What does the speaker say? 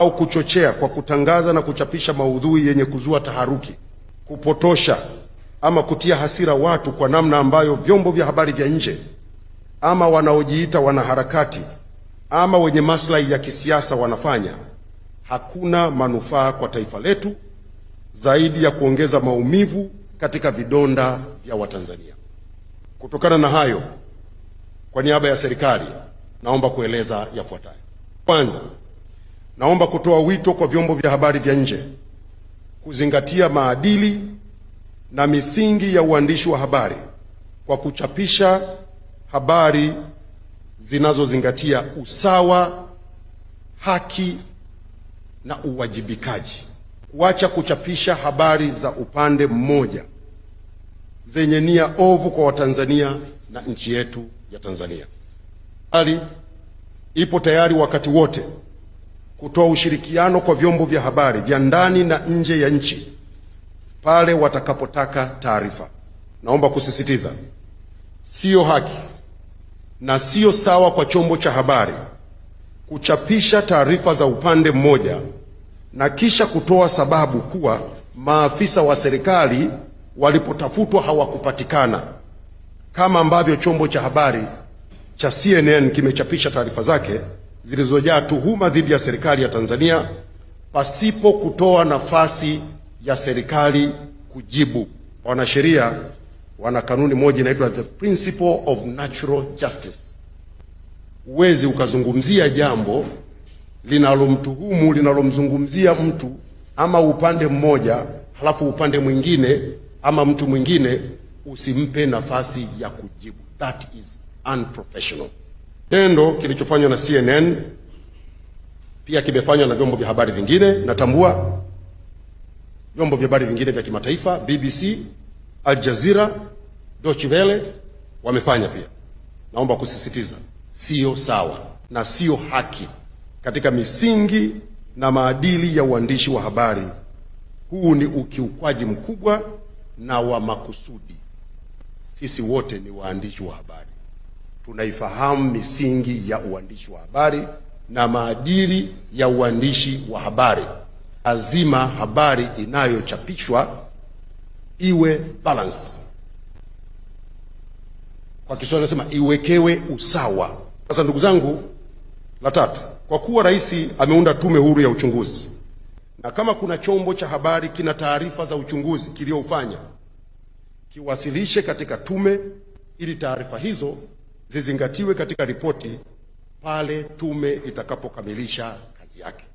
au kuchochea kwa kutangaza na kuchapisha maudhui yenye kuzua taharuki, kupotosha ama kutia hasira watu kwa namna ambayo vyombo vya habari vya nje ama wanaojiita wanaharakati ama wenye maslahi ya kisiasa wanafanya, hakuna manufaa kwa taifa letu zaidi ya kuongeza maumivu katika vidonda vya Watanzania. Kutokana na hayo, kwa niaba ya serikali naomba kueleza yafuatayo. Kwanza, Naomba kutoa wito kwa vyombo vya habari vya nje kuzingatia maadili na misingi ya uandishi wa habari kwa kuchapisha habari zinazozingatia usawa, haki na uwajibikaji, kuacha kuchapisha habari za upande mmoja zenye nia ovu kwa Watanzania na nchi yetu ya Tanzania. Hali ipo tayari wakati wote kutoa ushirikiano kwa vyombo vya habari vya ndani na nje ya nchi pale watakapotaka taarifa. Naomba kusisitiza, siyo haki na siyo sawa kwa chombo cha habari kuchapisha taarifa za upande mmoja na kisha kutoa sababu kuwa maafisa wa serikali walipotafutwa hawakupatikana, kama ambavyo chombo cha habari cha CNN kimechapisha taarifa zake zilizojaa tuhuma dhidi ya serikali ya Tanzania pasipo kutoa nafasi ya serikali kujibu. Wanasheria wana kanuni moja inaitwa the principle of natural justice. Huwezi ukazungumzia jambo linalomtuhumu linalomzungumzia mtu ama upande mmoja halafu upande mwingine ama mtu mwingine usimpe nafasi ya kujibu. That is unprofessional. Kitendo kilichofanywa na CNN pia kimefanywa na vyombo vya habari vingine. Natambua vyombo vya habari vingine vya kimataifa, BBC, Al Jazeera, Deutsche Welle wamefanya pia. Naomba kusisitiza, sio sawa na sio haki katika misingi na maadili ya uandishi wa habari. Huu ni ukiukwaji mkubwa na wa makusudi. Sisi wote ni waandishi wa habari tunaifahamu misingi ya uandishi wa habari na maadili ya uandishi wa habari. Lazima habari inayochapishwa iwe balance. Kwa Kiswahili nasema iwekewe usawa. Sasa ndugu zangu, la tatu, kwa kuwa rais ameunda tume huru ya uchunguzi, na kama kuna chombo cha habari kina taarifa za uchunguzi kiliyofanya kiwasilishe katika tume ili taarifa hizo zizingatiwe katika ripoti pale tume itakapokamilisha kazi yake.